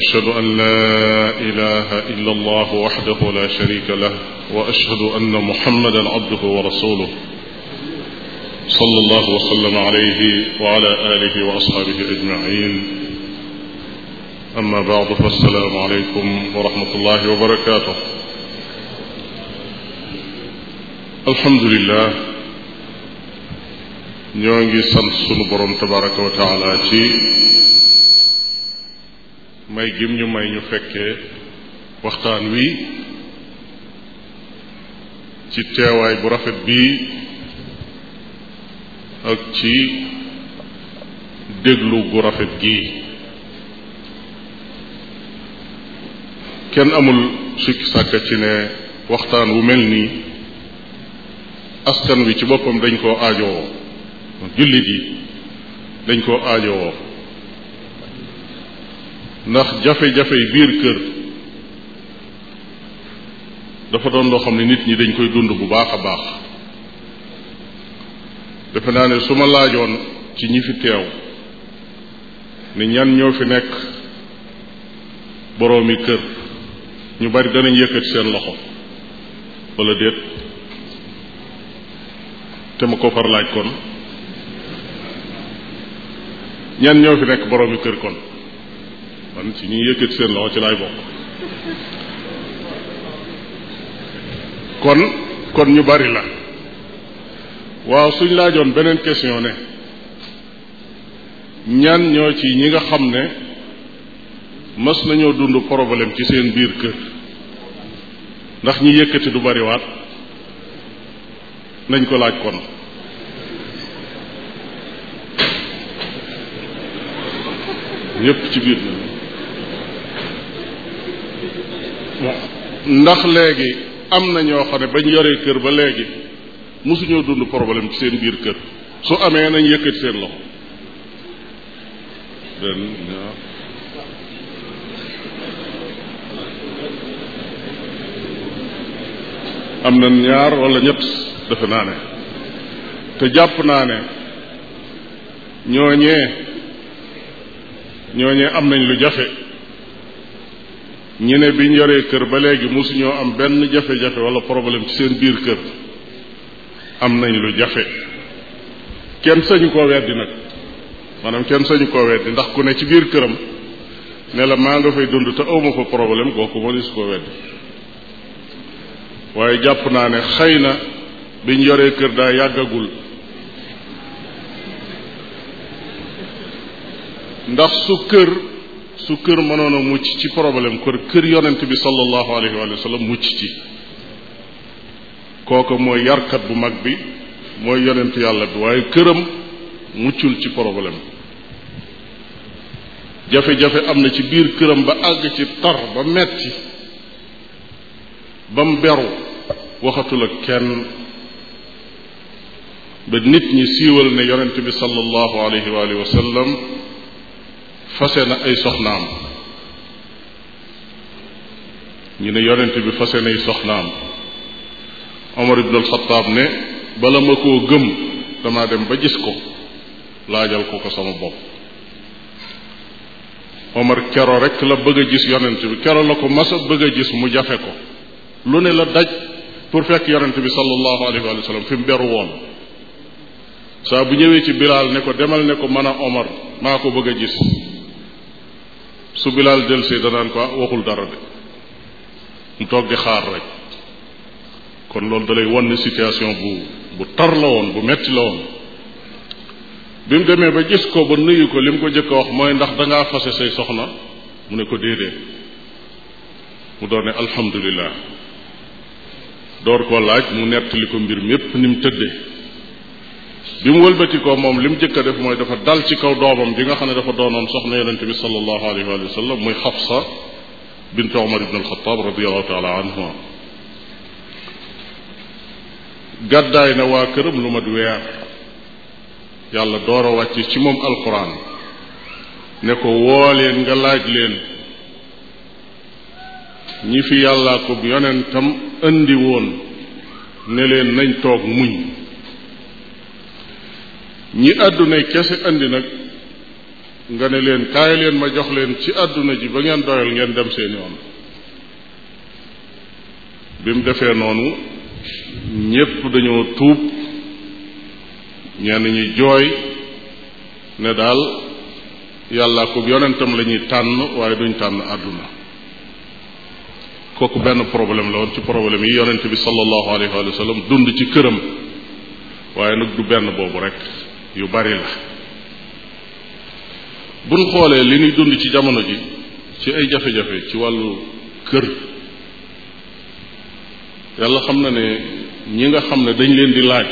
أشهد أن لا إله إلا الله وحده لا شريك له وأشهد أن محمدا عبده ورسوله صلى الله وسلم عليه وعلى آله وأصحابه أجمعين أما بعد فالسلام عليكم ورحمة الله وبركاته الحمد لله ñoo ngi sant sunu borom tabaraka wa taala ci may gim ñu may ñu fekkee waxtaan wi ci teewaay bu rafet bii ak ci déglu gu rafet gii kenn amul sikki sàkka ci ne waxtaan wu mel nii askan wi ci boppam dañ koo aajowoo jullit yi dañ koo aajowoo ndax jafe-jafey biir kër dafa doon loo xam ne nit ñi dañ koy dund bu baax a baax defe naa ne su ma laajoon ci ñi fi teew ni ñan ñoo fi nekk boroomi kër ñu bari danañ yëkkati seen loxo walla déet te ma ko far laaj kon ñan ñoo fi nekk boroomi kër kon man si ñuy yëkkati seen loxo ci laay bokk kon kon ñu bari la waaw suñ laajoon beneen question ne ñaan ñoo ci ñi nga xam ne mas nañoo dund problème ci seen biir kër ndax ñi yëkkati du bariwaat nañ ko laaj kon ñépp ci biir na ndax léegi am na ñoo xam ne ñu yoree kër ba léegi mosuñoo dund problème ci seen biir kër su amee nañ yëkkati seen loxo am na ñaar wala ñett defe naa ne te jàpp naa ne ñooñee ñooñee am nañ lu jafe ñu ne biñ yoree kër ba léegi mosuñoo am benn jafe-jafe wala problème ci seen biir kër am nañ lu jafe kenn sañu koo weddi nag maanaam kenn sañu koo weddi ndax ku ne ci biir këram ne la maa nga fay dund te awma fa problème kooku mënees koo weddi waaye jàpp naa ne xëy na biñ yoree kër daa yàggagul ndax su kër su kër mënoon a mucc ci problème kër kër yonent bi sallallahu alayhi wa sallam mucc ci kooka mooy yarkat bu mag bi mooy yonent yàlla bi waaye këram muccul ci problème jafe-jafe am na ci biir këram ba àgg ci tar ba metti ba mu beru waxatul kenn ba nit ñi siiwal ne yonent bi sallallahu alayhi wa sallam fase na ay soxnaam ñu ne yonent bi fase nay soxnaam Omar ibn al ne bala ma koo gëm damaa dem ba gis ko laajal ko ko sama bopp Omar kero rek la bëgg a gis yonent bi kero la ko masa bëgg a gis mu jafe ko lu ne la daj pour fekk yonent bi sallallahu alayhi wa sallam fi beru woon saa bu ñëwee ci Bilaal ne ko demal ne ko mën a Omar maa ko bëgg a gis su bilaal delsee danaan ko ah, waxul dara de mu toog di xaar rek kon loolu da lay wan situation bu bu tar la woon bu metti la woon bi mu demee ba gis ko ba nuyu ko li mu ko jëkk a wax mooy ndax dangaa fase say soxna mu ne ko déedéet mu doon ne alhamdulilah door koo laaj mu nettali ko mbir mépp ni mu tëddee bi mu wëlbatikoo moom li mu jëkk def mooy dafa dal ci kaw doomam ji nga xam ne dafa doonoon soxna yonente bi sallallahu alayhi wa sallam muy Xafsa bint Omar ibn alxataab radiallahu taala na waa këram lu mat weer yàlla door a wàcce ci moom alquran ne ko woo leen nga laaj leen ñi fi yàllaa ko yonentam indi woon ne leen nañ toog muñ ñi àdduna kese andi nag nga ne leen kaay leen ma jox leen ci àdduna ji ba ngeen doyal ngeen dem seen yoon bi mu defee noonu ñépp dañoo tuub ñenn ñi jooy ne daal yàlla ko yonentam la ñuy tànn waaye duñ tànn àdduna kooku benn problème la woon ci problème yi yonent bi sallallahu alayhi wa sallam dund ci këram waaye nag du benn boobu rek yu bari la buñ xoolee li ñuy dund ci jamono ji ci ay jafe-jafe ci wàllu kër yàlla xam na ne ñi nga xam ne dañ leen di laaj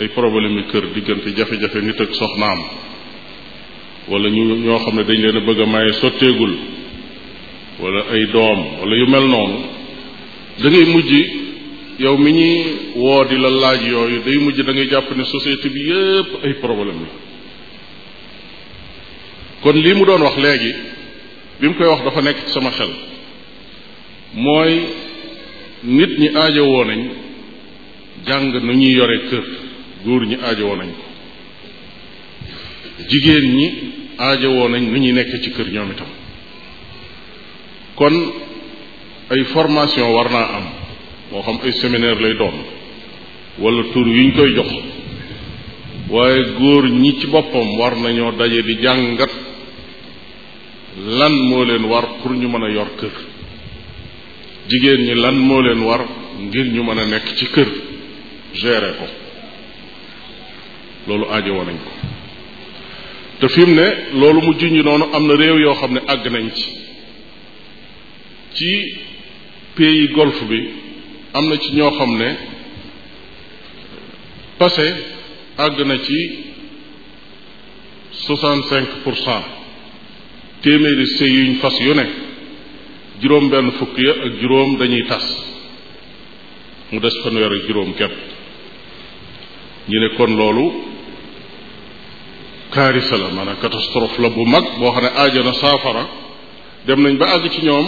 ay problème yu kër diggante jafe-jafe nit ak soxnaam wala ñu ñoo xam ne dañ leen a bëgg a maye sotteegul wala ay doom wala yu mel noonu da mujj yow mi ñuy woo di la laaj yooyu day mujj da ngay jàpp ne société bi yépp ay problème la kon lii mu doon wax léegi bi mu koy wax dafa nekk ci sama xel mooy nit ñi aajowoo nañ jàng nu ñuy yore kër góor ñi aajowoo nañ ko jigéen ñi aajowoo nañ nu ñuy nekk ci kër ñoom itam kon ay formation war naa am moo xam ay séminaire lay doon wala tuur yu ñu koy jox waaye góor ñi ci boppam war nañoo daje di jàngat lan moo leen war pour ñu mën a yor kër jigéen ñi lan moo leen war ngir ñu mën a nekk ci kër gere ko loolu aajowoo nañ ko te fim ne loolu mu junj noonu am na réew yoo xam ne àgg nañ ci ci pays golfe bi am na ci ñoo xam ne passé àgg na ci soixante cinq pour cent téeméeri sëy yuñ fas yu ne juróom benn fukk ya ak juróom dañuy tas mu des fanweer ak juróom képp ñu ne kon loolu kaarisa la maanaam catastrophe la bu mag boo xam ne aajo na saafara dem nañ ba àgg ci ñoom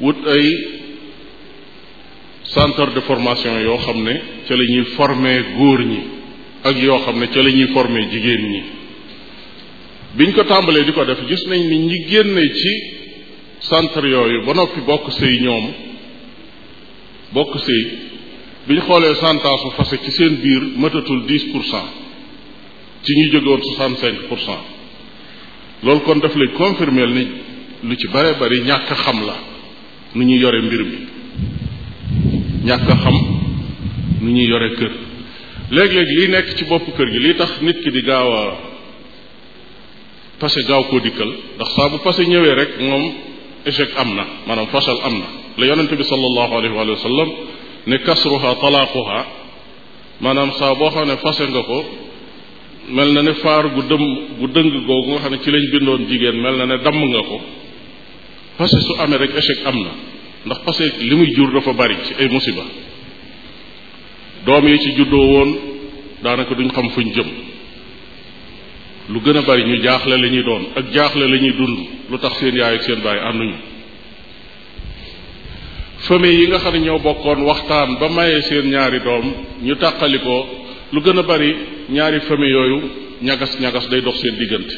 wut ay centre de formation yoo xam ne ca lañuy ñuy góor ñi ak yoo xam ne ca la ñuy former jigéen ñi biñ ko tàmbalee di ko def gis nañ ni ñi génne ci centre yooyu ba noppi bokk sëy ñoom bokk sëy biñ xoolee santasu fase ci seen biir mëtatul dix pour cent ci ñu jóge woon pour cent loolu kon daf lay confirmer ni lu ci bare bari ñàkk xam la nu ñu yore mbir mi ñàkk a xam nu ñuy yore kër léeg-léeg lii nekk ci bopp kër gi lii tax nit ki di gaaw a passé gaaw koo dikkal ndax saa bu passé ñëwee rek moom échec am na maanaam fasal am na la yonente bi sallallahu alayhi wa sallam ne kasruha talaaquha maanaam saa boo xam ne fase nga ko mel na ne faar gu dëm gu dëng googu nga xam ne ci lañ bindoon jigéen mel na ne damm nga ko fase su amee rek échec am na ndax parce li muy jur dafa bari ci ay musiba doom yi ci juddoo woon daanaka duñ xam fuñ jëm lu gën a bari ñu jaaxle la ñuy doon ak jaaxle la ñuy dund lu tax seen yaay ak seen baay ànduñu famille yi nga xam ne ñoo bokkoon waxtaan ba maye seen ñaari doom ñu tàqali ko lu gën a bari ñaari famille yooyu ñagas ñagas day dox seen diggante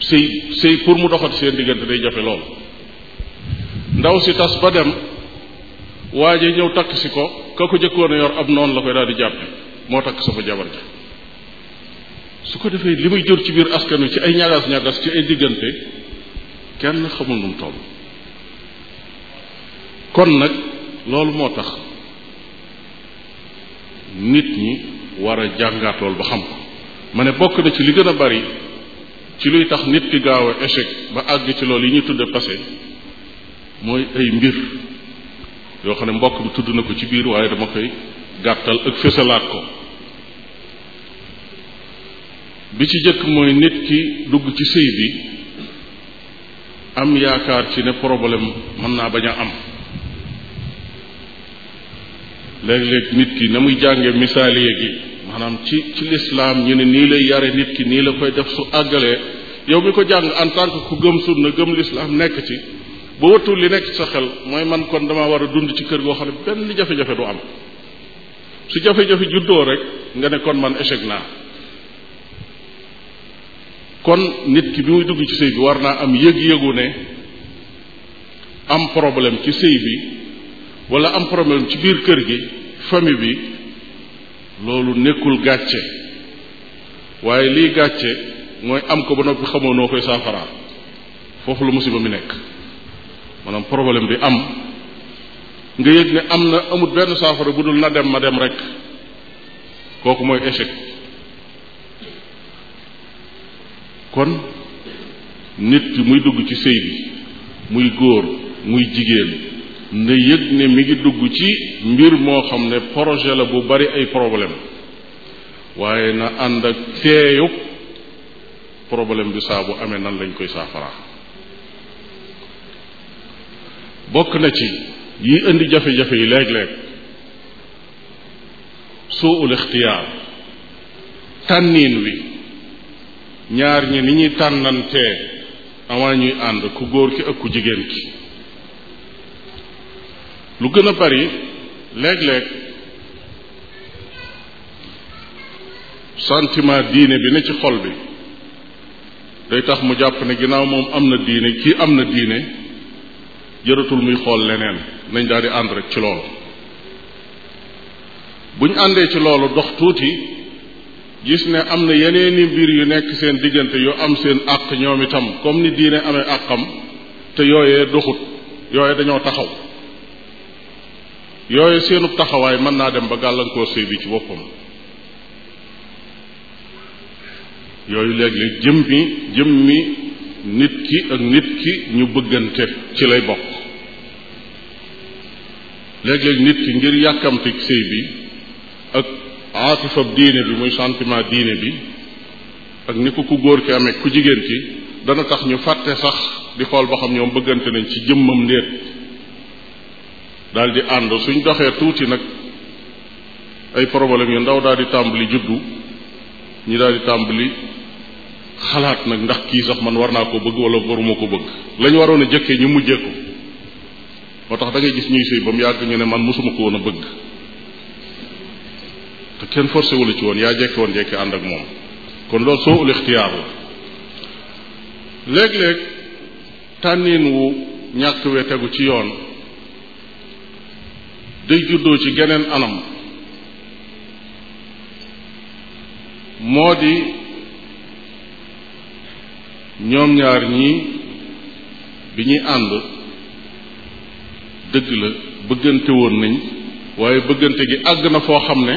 sëy sëy pour mu doxat seen diggante day jafe lool ndaw si tas ba dem waa ji ñëw takk si ko ka ko jëkkoon yor ab noonu la koy daal di jàppe moo takk sama jabar ja su ko defee li muy jur ci biir askan wi ci ay ñagas-ñagas ci ay diggante kenn xamul nu mu kon nag loolu moo tax nit ñi war a jàngaat loolu ba xam ko ma ne bokk na ci li gën a bari ci luy tax nit ki gaaw a échec ba àgg ci loolu yi ñu tudde passé mooy ay mbir yoo xam ne mbokk bi tudd na ko ci biir waaye dama koy gàttal ak fësalaat ko bi ci jëkk mooy nit ki dugg ci sëy bi am yaakaar ci ne problème mën naa bañ a am léeg-léeg nit ki na muy jànge misaaliye gi maanaam ci ci lislaam ñu ne nii lay yare nit ki nii la koy def su àggalee yow mi ko jàng en tant que ku gëm sunna gëm lislaam nekk ci boo watul li nekk ci sa xel mooy man kon dama war a dund ci kër goo xam ne benn jafe-jafe du am su jafe-jafe juddoo rek nga ne kon man échec naa kon nit ki bi muy dugg ci sëy bi war naa am yëg-yëgu ne am problème ci sëy bi wala am problème ci biir kër gi famille bi loolu nekkul gàcce waaye lii gàcce mooy am ko ba noppi xamoo noo koy saafaraa foofu la musiba mu nekk maanaam problème bi am nga yëg ne am na amut benn saafara bu dul na dem ma dem rek kooku mooy échec kon nit ki muy dugg ci sëy bi muy góor muy jigéen na yëg ne mi ngi dugg ci mbir moo xam ne projet la bu bari ay problème waaye na ànd ak teeyu problème bi saa bu amee nan lañ koy saafaraa bokk na ci yi indi jafe-jafe yi léeg-léeg suul ixtiyaar tànniin wi ñaar ñi ni ñuy tànnantee avant ñuy ànd ku góor ki ak ku jigéen ki lu gën a bari léeg-léeg sentiment diine bi ne ci xol bi day tax mu jàpp ne ginnaaw moom am na diine kii am na diine jëratul muy xool leneen nañ daal di ànd rek ci loolu buñ àndee ci loolu dox tuuti gis ne am na yeneeni mbir yu nekk seen diggante yu am seen àq ñoom itam comme ni diine amee àqam te yooyee doxut yooyee dañoo taxaw yooyu seenub taxawaay mën naa dem ba gàllankoor sëy ci boppam yooyu léeg jëm mi jëm mi nit ki ak nit ki ñu bëggante ci lay bokk léeg nit ki ngir yàkkamti sëy bi ak aatifa diine bi muy sentiment diine bi ak ni ko ku góor ki amee ku jigéen ki dana tax ñu fàtte sax di xool ba xam ñoom bëggante nañ ci jëmmam ndéet daal di ànd suñ doxee tuuti nag ay problème yu ndaw daal di tàmbali juddu ñi daal di tàmbali xalaat nag ndax kii sax man war naa ko bëgg wala waruma ko bëgg lañ waroon a jëkkee ñu mujjee ko moo tax dangay gis ñuy sëy ba mu yàgg ñu ne man mosuma ko woon a bëgg te kenn forcé wala ci woon yaa jekki woon jekki ànd ak moom kon loolu soo ul ixtiyaar la léeg-léeg wu ñàkk we tegu ci yoon day juddoo ci geneen anam moo di ñoom ñaar ñii bi ñuy ànd dëgg la bëggante woon nañ waaye bëggante gi àgg na foo xam ne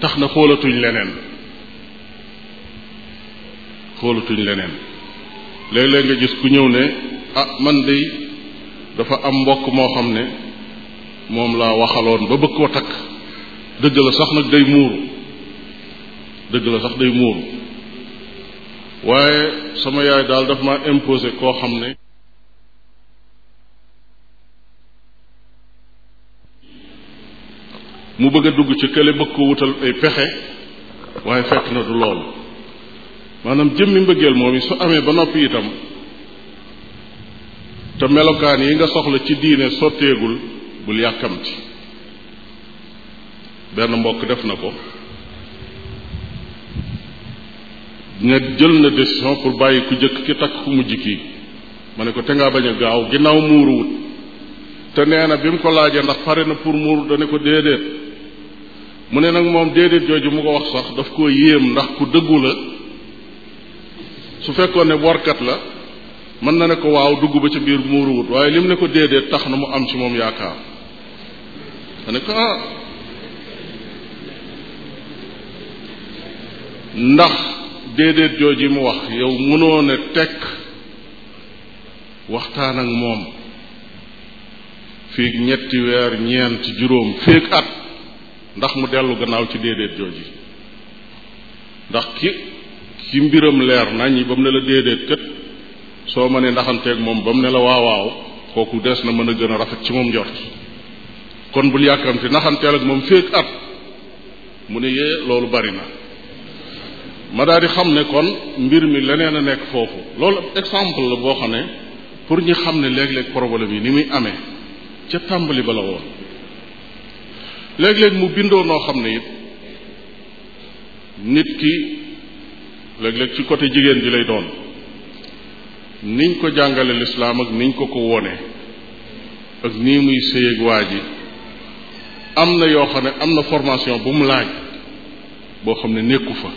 tax na xoolatuñ leneen xoolatuñ leneen léeg nga gis ku ñëw ne ah man de dafa am mbokk moo xam ne moom laa waxaloon ba bëgg koo takk dëgg la sax nag day muuru dëgg la sax day muuru waaye sama yaay daal daf ma imposé koo xam ne mu bëgg a dugg ci kële bëgg ko wutal ay pexe waaye fekk na du loolu maanaam jëmmi mbëggeel moom yi su amee ba noppi itam te melokaan yi nga soxla ci diine sotteegul bul yàkkamti benn mbokk def na ko ne jël na décision pour bàyyi ku jëkk ki takk ku mujj kii ma ne ko te ngaa bañ a gaaw ginnaaw muuru wut te nee na bi mu ko laajee ndax pare na pour muuru dane ko déedéet mu ne nag moom déedéet jooju mu ko wax sax daf koo yéem ndax ku dëggu la su fekkoon ne borkat la mën na ne ko waaw dugg ba ca biir muuruwut waaye lim ne ko déedéet tax na mu am ci moom yaakaar ma ne ah ndax déedéet jooji mu wax yow mënoo ne tekk waxtaan ak moom fii ñetti weer ñeent juróom fiig at ndax mu dellu gannaaw ci déedéet jooji ndax ki ki mbiram leer nañ ba mu ne la déedéet kët soo ma mënee ndaxanteeg moom ba mu ne la waaw waaw kooku des na mën a gën a rafet ci moom njort kon bul yàkkamti naxanteel ak moom féeg at mu ne yee loolu bari na ma daal xam ne kon mbir mi leneen a nekk foofu loolu exemple la boo xam ne pour ñu xam ne léeg-léeg problème yi ni muy amee ca tàmbali ba la woon léegi léeg mu bindoo noo xam ne it nit ki léeg-léeg ci côté jigéen ji lay doon niñ ko jàngale lislaam ak niñ ko ko wone ak nii muy séyeg waa ji am na yoo xam ne am na formation bu mu laaj boo xam ne nekku fa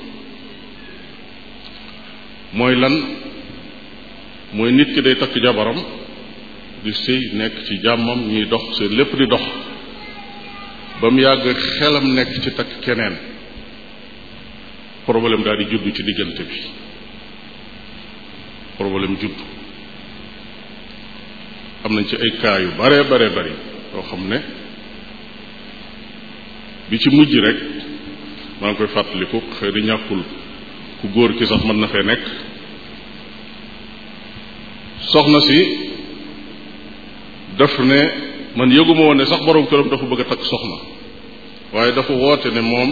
mooy lan mooy nit ki day takk jabaram di sëy nekk ci jàmmam ñuy dox seen lépp di dox ba mu yàgg xelam nekk ci takk keneen problème daal di judd ci diggante bi problème judd am nañ ci ay cas yu bare bare bari yoo xam ne bi ci mujj rek maa ngi koy fàttaliku xëy di ñàkkul ku góor ki sax mën na fee nekk soxna si def ne man yëguma woon ne sax borom këram dafa bëgg a takk soxna waaye dafa woote ne moom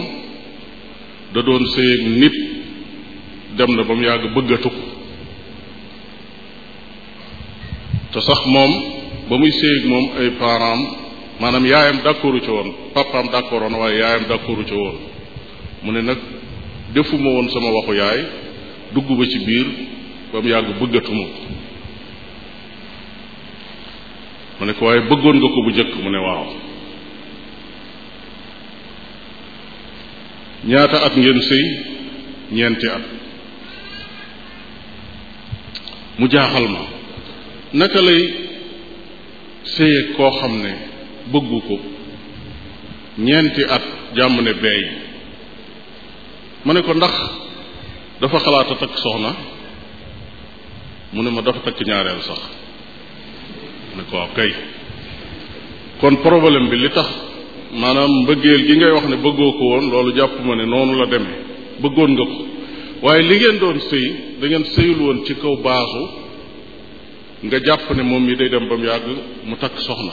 da doon sëyeeg nit dem na ba mu yàgg bëggatu ko te sax moom ba muy sëyeeg moom ay parents maanaam yaayam d'accordu ca woon papaam d'accord woon waaye yaayam d'accordu ca woon mu ne nag defuma woon sama waxu yaay dugg ba ci biir ba mu yàgg bëggatuma mu ne ko waaye bëggoon nga ko bu njëkk mu ne waaw ñaata at ngeen sëy ñeenti at mu jaaxal ma naka lay sëyeeg koo xam ne bëggu ko ñeenti at jàmm ne beey ma ne ko ndax dafa xalaat a takk soxna mu ne ma dafa takk ñaareel sax ne ko waaw kon problème bi li tax maanaam mbëggeel gi ngay wax ne bëggoo ko woon loolu jàpp ma ne noonu la deme bëggoon nga ko waaye li ngeen doon sëy dangeen ngeen sëyul woon ci kaw baasu nga jàpp ne moom mi day dem ba mu yàgg mu takk soxna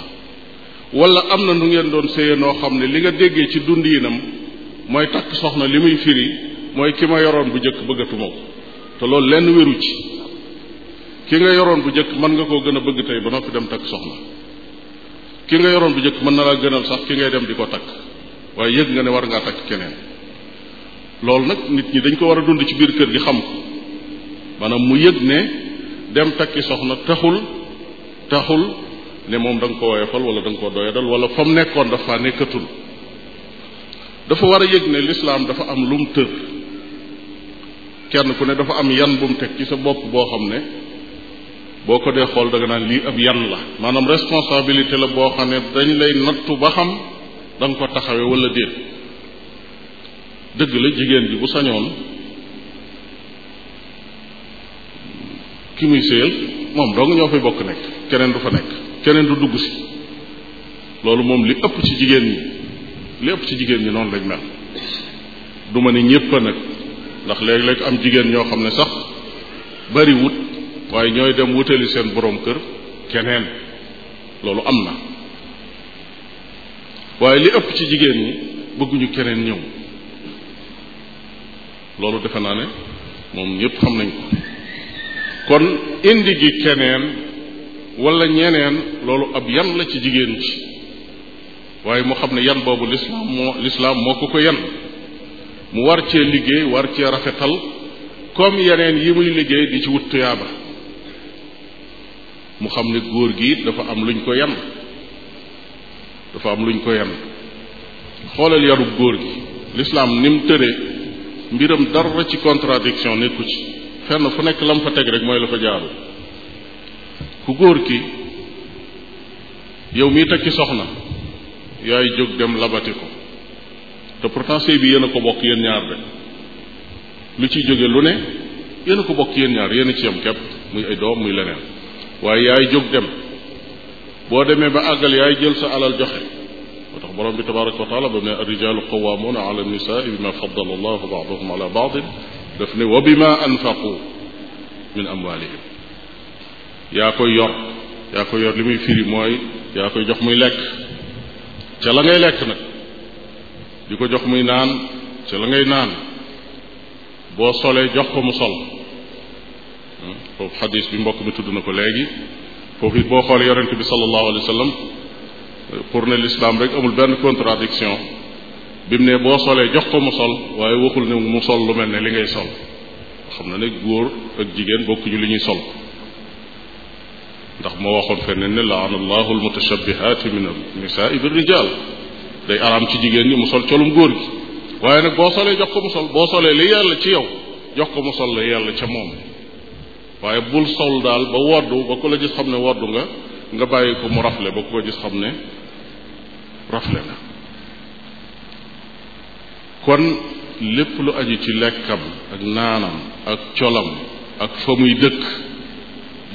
wala am na nu ngeen doon sëyee noo xam ne li nga déggee ci dund dundinam mooy takk soxna li muy firi mooy ki ma yoroon bu njëkk bëggatuma ko te loolu lenn wéru ci ki nga yoroon bu njëkk mën nga koo gën a bëgg tey ba noppi dem takk soxna ki nga yoroon bu njëkk mën na laa gënal sax ki ngay dem di ko takk waaye yëg nga ne war ngaa takk keneen loolu nag nit ñi dañ ko war a dund ci biir kër gi xam ko maanaam mu yëg ne dem takki soxna taxul taxul ne moom da nga ko woyofal wala da nga ko doyadal wala fa mu nekkoon dafa nekkatul dafa war a yëg ne lislaam dafa am lu mu tër kenn ku ne dafa am yan bu mu teg ci sa bopp boo xam ne boo ko dee xool da nga naan lii ab yan la maanaam responsabilité la boo xam ne dañ lay nattu ba xam danga nga ko taxawe wala déet dëgg la jigéen ji bu sañoon ki muy séyal moom dong ñoo fi bokk nekk keneen du fa nekk keneen du dugg si loolu moom li ëpp si jigéen ñi li ëpp ci jigéen ñi noonu lañ mel du ma ne ñépp a nag ndax léeg-léeg am jigéen ñoo xam ne sax bariwut waaye ñooy dem wutali seen boroom kër keneen loolu am na waaye li ëpp ci jigéen ñi bëgguñu keneen ñëw loolu defe naa ne moom ñépp xam nañ ko kon indi gi keneen walla ñeneen loolu ab yan la ci jigéen ci waaye moo xam ne yan boobu lislaam moo lislaam moo ko ko yan mu war cee liggéey war cee rafetal comme yeneen yi muy liggéey di ci wut tuyaaba mu xam ne góor gi dafa am luñ ko yan dafa am luñ ko yan xoolal yarub góor gi lislaam ni mu tëree mbiram dara ci contradiction nekku ci fenn fu nekk lam fa teg rek mooy la fa jaaru ku góor ki yow mii teg ci soxna yaay jóg dem labati ko te pourtant sëy bi yéen ko bokk yéen ñaar de lu ciy jóge lu ne yéen ko bokk yéen ñaar yenn ci yam képp muy ay doom muy leneen waaye yaay jóg dem boo demee ba àggal yay jël sa alal joxe moo tax borom bi tabaraka wa taala ba mu ne arrijaalu qawaamuuna ala nisaai bima faddala allahu baadahum ala baadin daf ne wa bima anfaqu min amwaalihim yaa koy li muy firi mooy yaa koy jox muy lekk ca la ngay lekk nag di ko jox muy naan ca la ngay naan boo solee jox ko mu sol foofu xadis bi mbokk mi tudd na ko léegi foofu it boo xoolee yonente bi sallallahu alayhi wa sallam pour ne rek amul benn contradiction bi ne boo solee jox ko mu sol waaye waxul ne mu sol lu mel ne li ngay sol xam na ne góor ak jigéen bokkuñu li ñuy sol ndax moo waxoon feneen ne laana allahu almutashabihaati min annisaai bi rijal day araam ci jigéen ñi mu sol colum góor gi waaye nag boo solee jox ko mu sol boo solee li ci yow jox ko mu sol la yàlla ca moom waaye bul sol daal ba woddu ba ku la gis xam ne woddu nga nga bàyyi ko mu rafle ba ku ko gis xam ne rafle na kon lépp lu aju ci lekkam ak naanam ak colam ak fa muy dëkk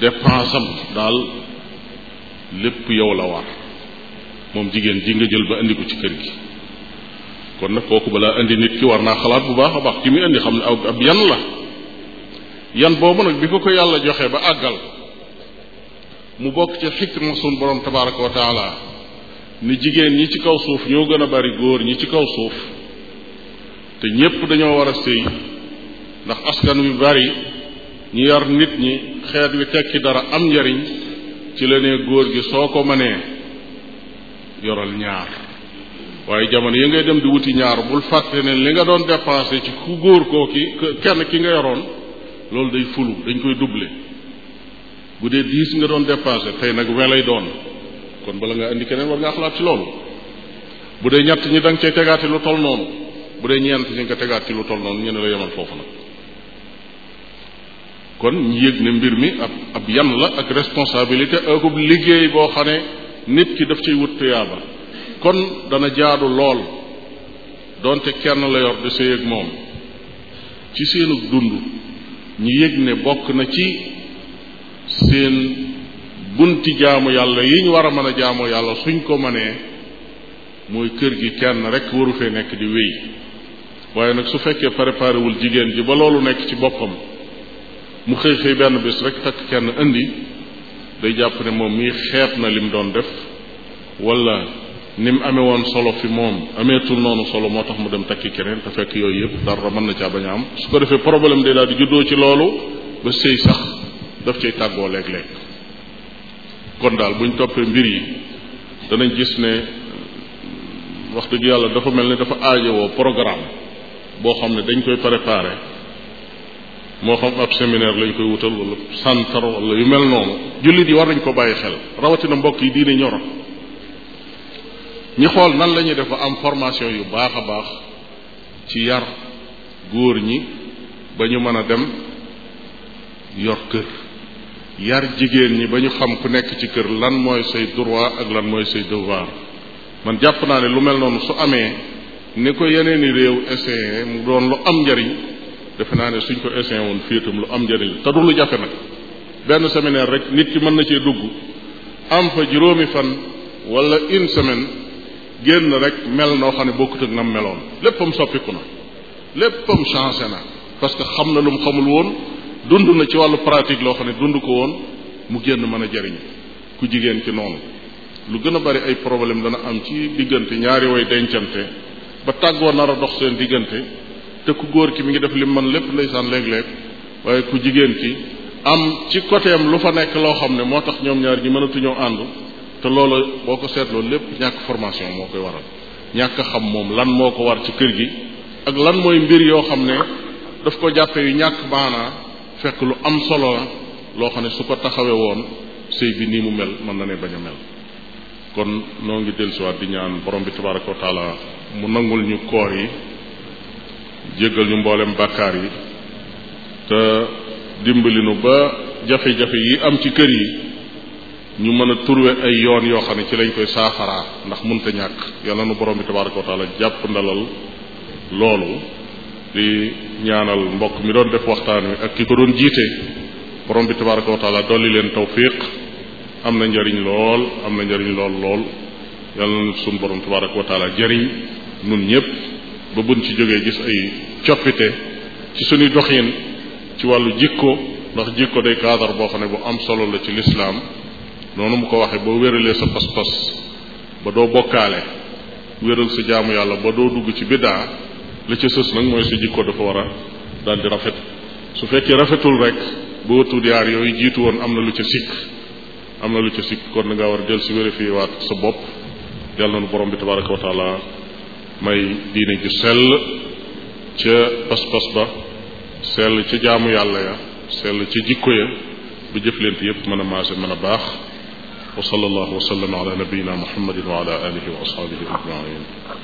dépensam daal lépp yow la war moom jigéen ji nga jël ba indi ko ci kër gi kon nag kooku balaa indi nit ki war naa xalaat bu baax a baax ki muy indi xam ne aw ab yan la yan boobu nag bi ko ko yàlla joxe ba àggal mu bokk ci xikma sun borom tabaraka wa ni jigéen ñi ci kaw suuf ñoo gën a bari góor ñi ci kaw suuf te ñépp dañoo war a sëy ndax askan wi bari ñu yar nit ñi xeet wi teg tekki dara am njariñ ci la ne góor gi soo ko mënee yoral ñaar waaye jamono yi ngay dem di wuti ñaar bul fàtte ne li nga doon dépensé ci ku góor koo ki kenn ki nga yoroon loolu day fulu dañ koy duble bu dee dix nga doon dépassé tey nag vingt lay doon kon bala nga indi keneen war ngaa xalaat ci loolu bu dee ñett ñi da nga cay tegaati lu toll noonu bu dee ñeent ñi nga tegaat ci lu toll noonu ñu ne la yemal foofu nag kon ñu yëg ne mbir mi ab ab yan la ak responsabilité akub liggéey boo xam ne nit ki daf ciy wut tuyaaba kon dana jaadu lool doonte kenn la yor di sëy ak moom ci seenu dund ñu yég ne bokk na ci seen bunti jaamu yàlla yi war a mën a jaamoo yàlla suñ ko mënee mooy kër gi kenn rek waru fee nekk di wéy waaye nag su fekkee préparé wul jigéen ji ba loolu nekk ci boppam mu xëy xëy benn bés rek takk kenn indi day jàpp ne moom mii xeet na lim doon def wala ni mu amee woon solo fi moom ameetul noonu solo moo tax mu dem takki keneen te fekk yooyu yëpp dara mën na caa bañ am su ko defee problème de daal di juddoo ci loolu ba sëy sax daf cay tàggoo léeg-léeg kon daal buñ toppee mbir yi danañ gis ne wax dëgg yàlla dafa mel ne dafa woo programme boo xam ne dañ koy préparer moo xam ab séminaire lañ koy wutal wala santar wala yu mel noonu jullit yi war nañ ko bàyyi xel rawatina mbokk yi diine ñoro ñi xool nan la ñuy def ba am formation yu baax a baax ci yar góor ñi ba ñu mën a dem yor kër yar jigéen ñi ba ñu xam ku nekk ci kër lan mooy say droit ak lan mooy say devoir man jàpp naa ne lu mel noonu su amee ni ko yeneen i réew essayé mu doon lu am njariñ defe naa ne suñ ko essayé woon fii lu am njariñ te du lu jafe nag benn séminaire rek nit ki mën na cee dugg am fa juróomi fan walla une semaine génn rek mel noo xam ne bokkut ak nam meloon léppam soppiku na léppam changé na parce que xam na lu mu xamul woon dund na ci wàllu pratique loo xam ne dund ko woon mu génn mën a jariñ ku jigéen ki noonu lu gën a bari ay problème dana am ci diggante ñaari way dencante ba tàggoo nar a dox seen diggante te ku góor ki mi ngi def lim man lépp ndeysaan léeg-léeg waaye ku jigéen ki am ci côté am lu fa nekk loo xam ne moo tax ñoom ñaar ñi mënatuñoo àndu te loola boo ko seetloo lépp ñàkk formation moo koy waral ñàkk xam moom lan moo ko war ci kër gi ak lan mooy mbir yoo xam ne daf ko jàppe yu ñàkk maanaa fekk lu am solo la loo xam ne su ko taxawee woon sëy bi nii mu mel mën na ne bañ mel kon noo ngi dellusiwaat di ñaan borom bi tabaraka wa taala mu nangul ñu koor yi jéggal ñu mboolem bàkkaar yi te dimbali nu ba jafe-jafe yi am ci kër yi ñu mën a trouver ay yoon yoo xam ne ci lañ koy saafaraa ndax mënta ñàkk yàlla nu borom bi tabaraka wa jàpp ndalal loolu di ñaanal mbokk mi doon def waxtaan wi ak ki ko doon jiite borom bi tabaraka wa taala dolli leen tawfiq am na njariñ lool am na njariñ lool lool yàlla na suñu borom tabaraka wa taala jariñ nun ñëpp ba buñ ci jógee gis ay coppite ci suñuy doxin ci wàllu jikko ndax jikko day cadre boo xam ne bu am solo la ci lislaam noonu mu ko waxee boo wéralee sa pas-pas ba doo bokkaale wéral sa jaamu yàlla ba doo dugg ci biddaa la ca sës nag mooy sa jikko dafa war daal di rafet su fekkee rafetul rek ba yooyu jiitu woon am na lu ca sikk am na lu kon da ngaa war a jël si vérifié waat sa bopp yàlla noonu borom bi may diine ju sell ca pas ba sell ca jaamu yàlla ya sell ca jikko ya ba jëflante yépp mën a maase mën a baax wa sallallahu wa sallam ala nabiyina muhammadin wa ala alihi wa ashabihi ajmain